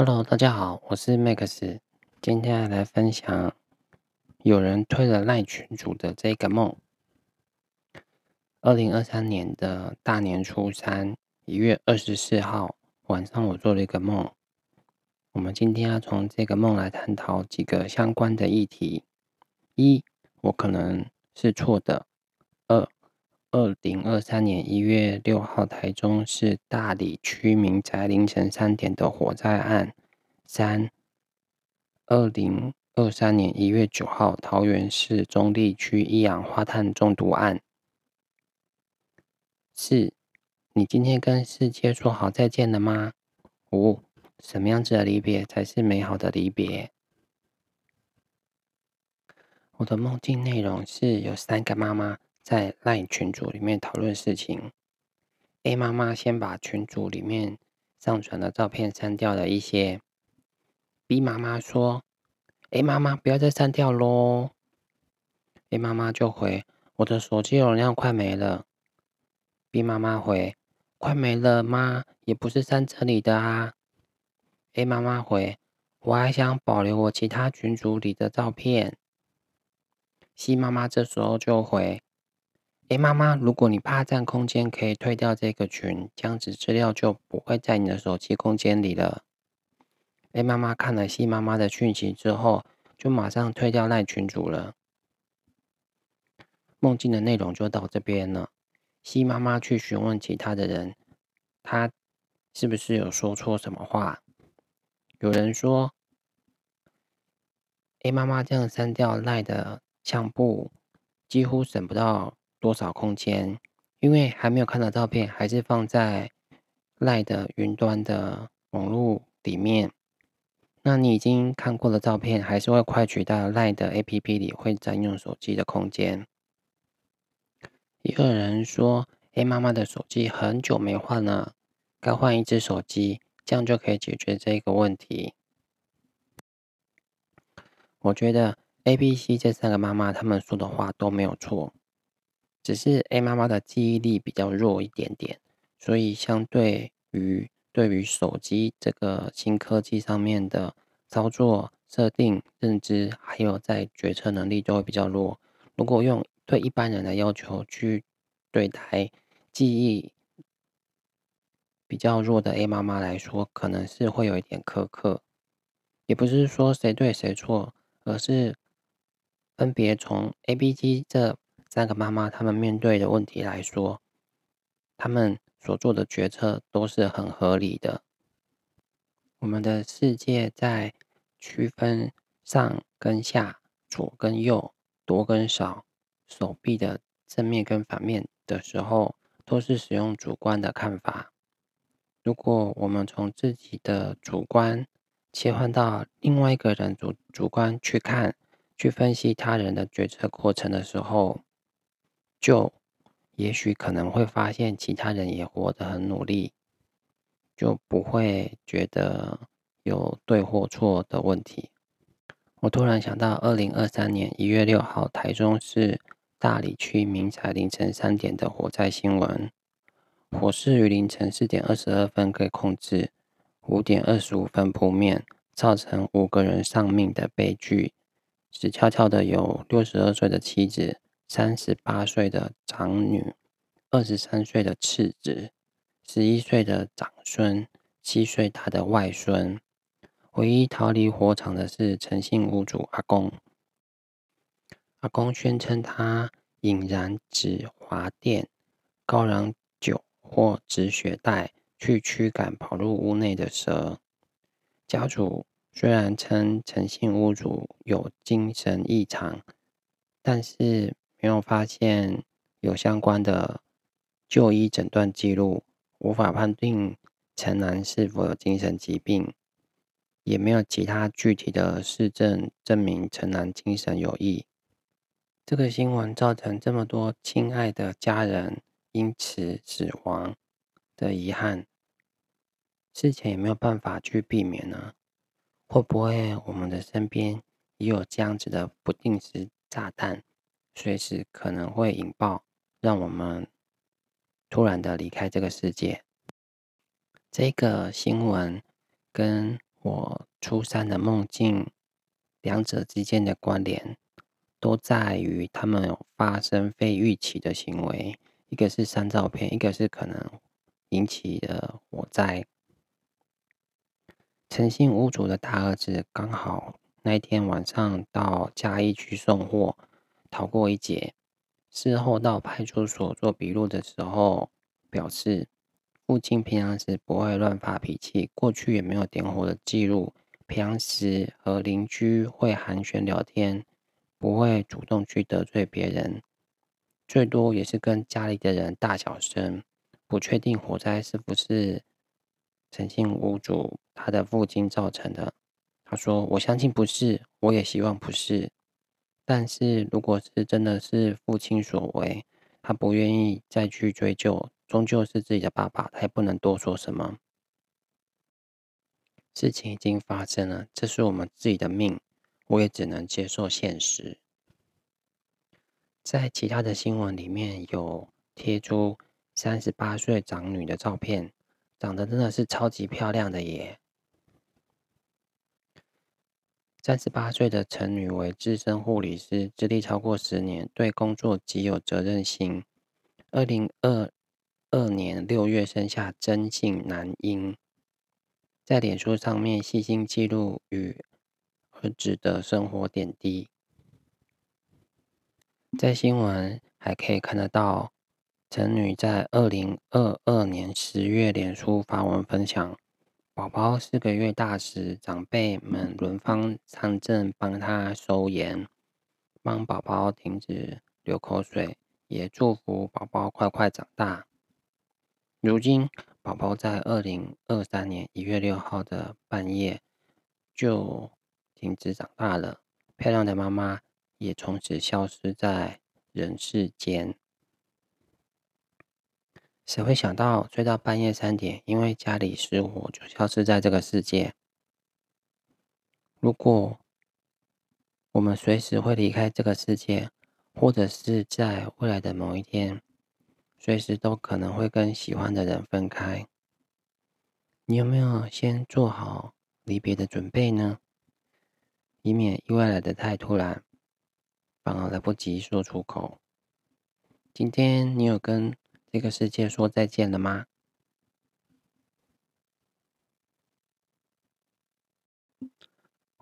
Hello，大家好，我是 Max，今天要來分享有人退了 LINE 群組的這個夢。二零二三年的大年初三，一月二十四號晚上，我做了一個夢。我們今天要從這個夢來探討幾個相關的議題：一，我可能是錯的；二。二零二三年一月六號，台中市大里區民宅凌晨三點的火災案。三，二零二三年一月九號，桃園市中壢區一氧化碳中毒案。四，你今天跟世界說好再見了嗎？五，什麼樣子的離別才是美好的離別？我的夢境內容是有三個媽媽。在 LINE 群組裡面討論事情。A 媽媽先把群組裡面上傳的照片刪掉了一些。B 媽媽說：“ A 媽媽不要再刪掉嘍。” A 媽媽就回：“我的手機容量快沒了。”B 媽媽回：“快沒了嗎？也不是刪這裡的啊。”A 媽媽回：“我還想保留我其他群組裡的照片。”C 媽媽這時候就回。A 媽媽，如果你怕占空間，可以退掉這個群，這樣子資料就不會在你的手機空間裡了。A 媽媽看了 C 媽媽的訊息之後，就馬上退掉 LINE 群組了。夢境的內容就到這邊了。C 媽媽去詢問其他的人，她是不是有說錯什麼話？有人說，A 媽媽這樣刪掉 LINE 的相簿，幾乎省不到。多少空間？因為還沒有看到照片，還是放在 LINE 的雲端的網絡裡面。那你已經看過了照片，還是會快取到 LINE 的 A P P 裡，會占用手機的空間。一個人說：“哎，媽媽的手機很久沒換了，該換一只手機，這樣就可以解決這個問題。”我覺得 A、B、C 這三個媽媽她們說的話都沒有錯。只是 A 媽媽的記憶力比較弱一點點，所以相對於對於手機這個新科技上面的操作、設定、認知，還有在決策能力都會比較弱。如果用對一般人的要求去對待記憶比較弱的 A 媽媽來說，可能是會有一點苛刻。也不是說誰對誰錯，而是分別從 A、B、G 這三個媽媽他們面對的問題來說，他們所做的決策都是很合理的。我們的世界在區分上跟下、左跟右、多跟少、手臂的正面跟反面的時候，都是使用主觀的看法。如果我們從自己的主觀切換到另外一個人主主觀去看、去分析他人的決策過程的時候，就也許可能會發現，其他人也活得很努力，就不會覺得有對或錯的問題。我突然想到，二零二三年一月六號，台中市大里區民宅凌晨三點的火災新聞，火勢於凌晨四點二十二分被控制，五點二十五分撲滅，造成五個人喪命的悲劇，死翹翹的有六十二歲的妻子。三十八歲的長女，二十三歲的次子，十一歲的長孫，七歲他的外孫。唯一逃離火場的是陳姓屋主阿公。阿公宣稱他引燃止滑墊、高粱酒或止血帶去驅趕跑入屋內的蛇。家族雖然稱陳姓屋主有精神異常，但是。沒有發現有相關的就醫診斷記錄，無法判定陳南是否有精神疾病，也沒有其他具體的事證證明陳南精神有異。這個新聞造成這麼多親愛的家人因此死亡的遺憾，事前也沒有辦法去避免呢？會不會我們的身邊也有這樣子的不定時炸彈？隨時可能會引爆，讓我們突然的離開這個世界。這個新聞跟我初三的夢境兩者之間的關聯，都在於他們發生非預期的行為。一個是刪照片，一個是可能引起的火災。程姓屋主的大兒子剛好那天晚上到嘉義去送貨。逃過一劫。事後到派出所做筆錄的時候，表示父親平常時不會亂發脾氣，過去也沒有點火的記錄。平常時和鄰居會寒暄聊天，不會主動去得罪別人，最多也是跟家裡的人大小聲。不確定火災是不是陳姓屋主他的父親造成的。他說：“我相信不是，我也希望不是。”但是，如果是真的是父親所為，他不願意再去追究，終究是自己的爸爸，還不能多說什麼。事情已經發生了，這是我們自己的命，我也只能接受現實。在其他的新聞裡面，有貼出三十八歲長女的照片，長得真的是超級漂亮的耶。三十八歲的陳女為資深護理師，資歷超過十年，對工作極有責任心。二零二二年六月生下真姓男嬰，在臉書上面細心記錄與兒子的生活點滴。在新聞還可以看得到，陳女在二零二二年十月臉書發文分享。寶寶四個月大時，長輩們輪番上陣，幫他收涎，幫寶寶停止流口水，也祝福寶寶快快長大。如今，寶寶在二零二三年一月六號的半夜就停止長大了，漂亮的媽媽也從此消失在人世間。誰會想到睡到半夜三點，因為家裡失火就消失在這個世界？如果我們隨時會離開這個世界，或者是在未來的某一天，隨時都可能會跟喜歡的人分開，你有沒有先做好離別的準備呢？以免意外來得太突然，反而來不及說出口。今天你有跟這個世界說再見了嗎？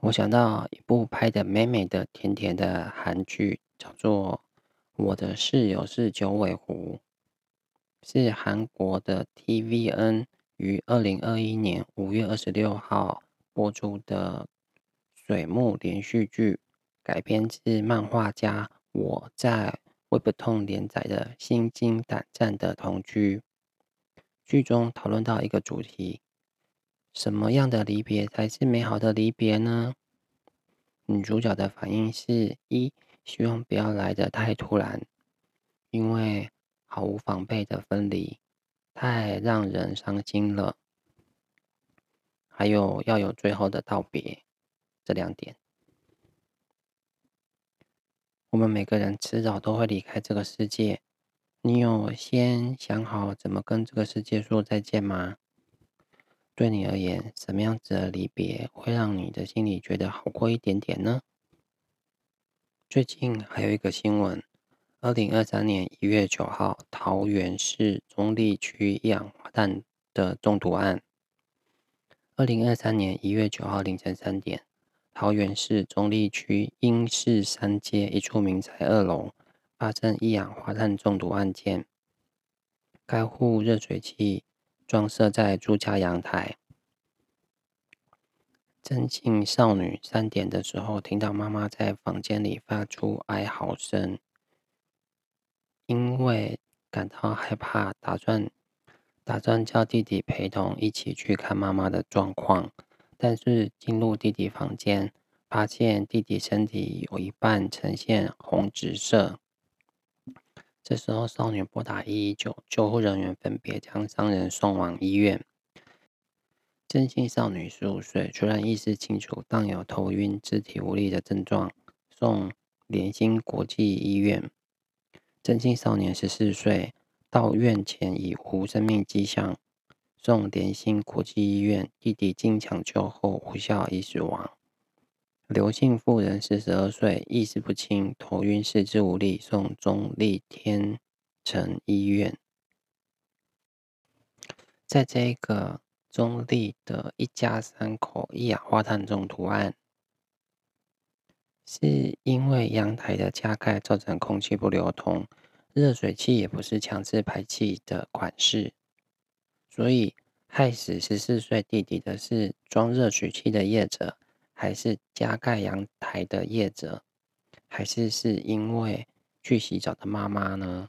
我想到一部拍的美美的、甜甜的韓劇，叫做《我的室友是九尾狐》，是韓國的 TVN 於二零二一年五月二十六號播出的水木連續劇，改編自漫畫家我在。Webtoon 連載的《心驚膽戰的同居》劇中討論到一個主題：什麼樣的離別才是美好的離別呢？女主角的反應是：一、希望不要來得太突然，因為毫無防備的分離太讓人傷心了；還有要有最後的道別，這兩點。我們每個人遲早都會離開這個世界，你有先想好怎麼跟這個世界說再見嗎？對你而言，什麼樣子的離別會讓你的心裡覺得好過一點點呢？最近還有一個新聞，二零二三年一月九號，桃園市中壢區一氧化碳的中毒案。二零二三年一月九號凌晨三點。桃園市中壢區英士三街一處民宅二樓發生一氧化碳中毒案件，該戶熱水器裝設在住家陽台。曾靜少女三點的時候聽到媽媽在房間裡發出哀嚎聲，因為感到害怕，打算打算叫弟弟陪同一起去看媽媽的狀況。但是進入弟弟房間，發現弟弟身體有一半呈現紅紫色。這時候，少女撥打一一九，救護人員分別將三人送往醫院。鄭姓少女十五歲，雖然意識清楚，但有頭暈、肢體無力的症狀，送聯新國際醫院。鄭姓少年十四歲，到院前已無生命跡象。送聯新國際醫院，弟弟經搶救後無效，已死亡。劉姓婦人四十二歲，意識不清，頭暈，四肢無力，送中壢天成醫院。在這個中壢的一家三口一氧化碳中毒案，是因為陽台的加蓋造成空氣不流通，熱水器也不是強制排氣的款式。所以，害死十四歲弟弟的是裝熱水器的業者，還是加蓋陽台的業者，還是是因為去洗澡的媽媽呢？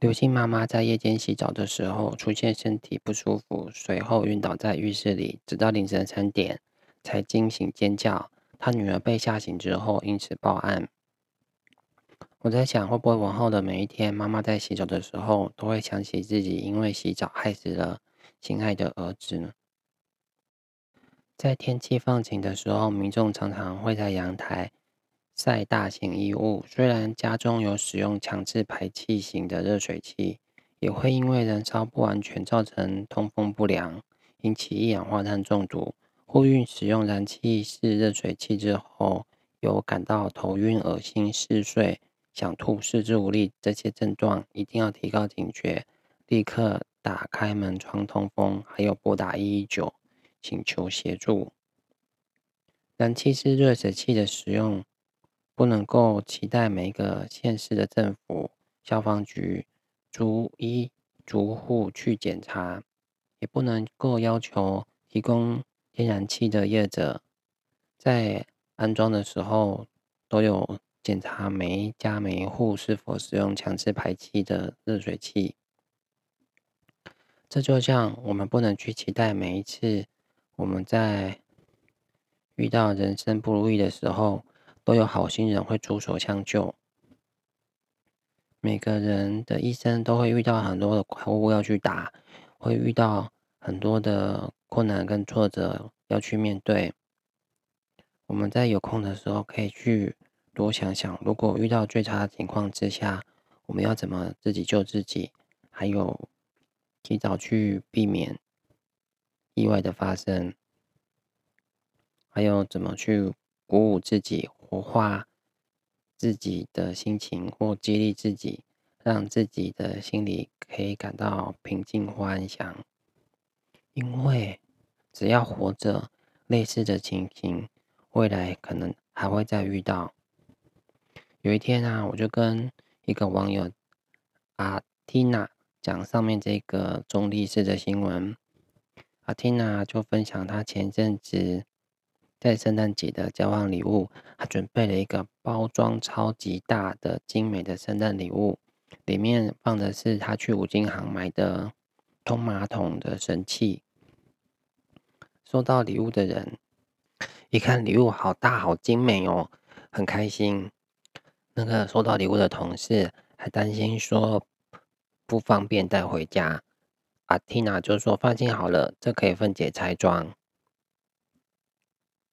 劉姓媽媽在夜間洗澡的時候出現身體不舒服，隨後暈倒在浴室裡，直到凌晨三點才驚醒尖叫。她女兒被嚇醒之後，因此報案。我在想，會不會往後的每一天，媽媽在洗澡的時候，都會想起自己因為洗澡害死了心愛的兒子呢？在天氣放晴的時候，民眾常常會在陽台曬大型衣物。雖然家中有使用強制排氣型的熱水器，也會因為燃燒不完全造成通風不良，引起一氧化碳中毒。呼籲使用燃氣式熱水器之後，有感到頭暈、惡心、嗜睡。想吐、四肢無力這些症狀，一定要提高警覺，立刻打開門窗通風，還有撥打一一九請求協助。燃氣式熱水器的使用，不能夠期待每個縣市的政府消防局逐一逐戶去檢查，也不能夠要求提供天然氣的業者在安裝的時候都有。檢查每一家、每一戶是否使用強制排氣的熱水器。這就像我們不能去期待每一次我們在遇到人生不如意的時候，都有好心人會出手相救。每個人的一生都會遇到很多的怪物要去打，會遇到很多的困難跟挫折要去面對。我們在有空的時候可以去。多想想，如果遇到最差的情況之下，我們要怎麼自己救自己？還有，提早去避免意外的發生，還有怎麼去鼓舞自己，活化自己的心情或激勵自己，讓自己的心裡可以感到平靜或安詳。因為只要活着，類似的情形未來可能還會再遇到。有一天啊，我就跟一個網友阿緹娜講上面這個中壢市的新聞，阿緹娜就分享她前陣子在聖誕節的交換禮物，她準備了一個包裝超級大的精美的聖誕禮物，裡面放的是她去五金行買的通馬桶的神器。收到禮物的人一看禮物好大好精美哦，很開心。那個收到禮物的同事還擔心說不方便帶回家，阿緹娜就說，放心好了，這可以分解拆裝。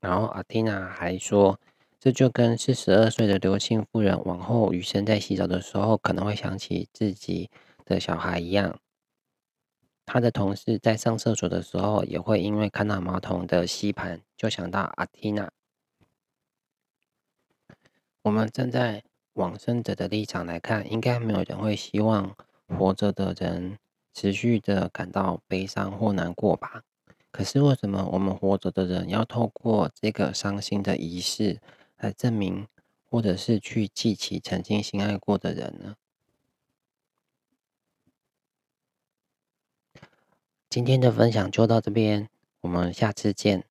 然後阿緹娜還說，這就跟四十二歲的劉姓夫人往後餘生在洗澡的時候可能會想起自己的小孩一樣，她的同事在上廁所的時候也會因為看到馬桶的吸盤就想到阿緹娜。我們正在。往生者的立場來看，應該沒有人會希望活着的人持續地感到悲傷或難過吧？可是為什麼我們活着的人要透過這個傷心的儀式來證明，或者是去記起曾經心愛過的人呢？今天的分享就到這邊，我們下次見。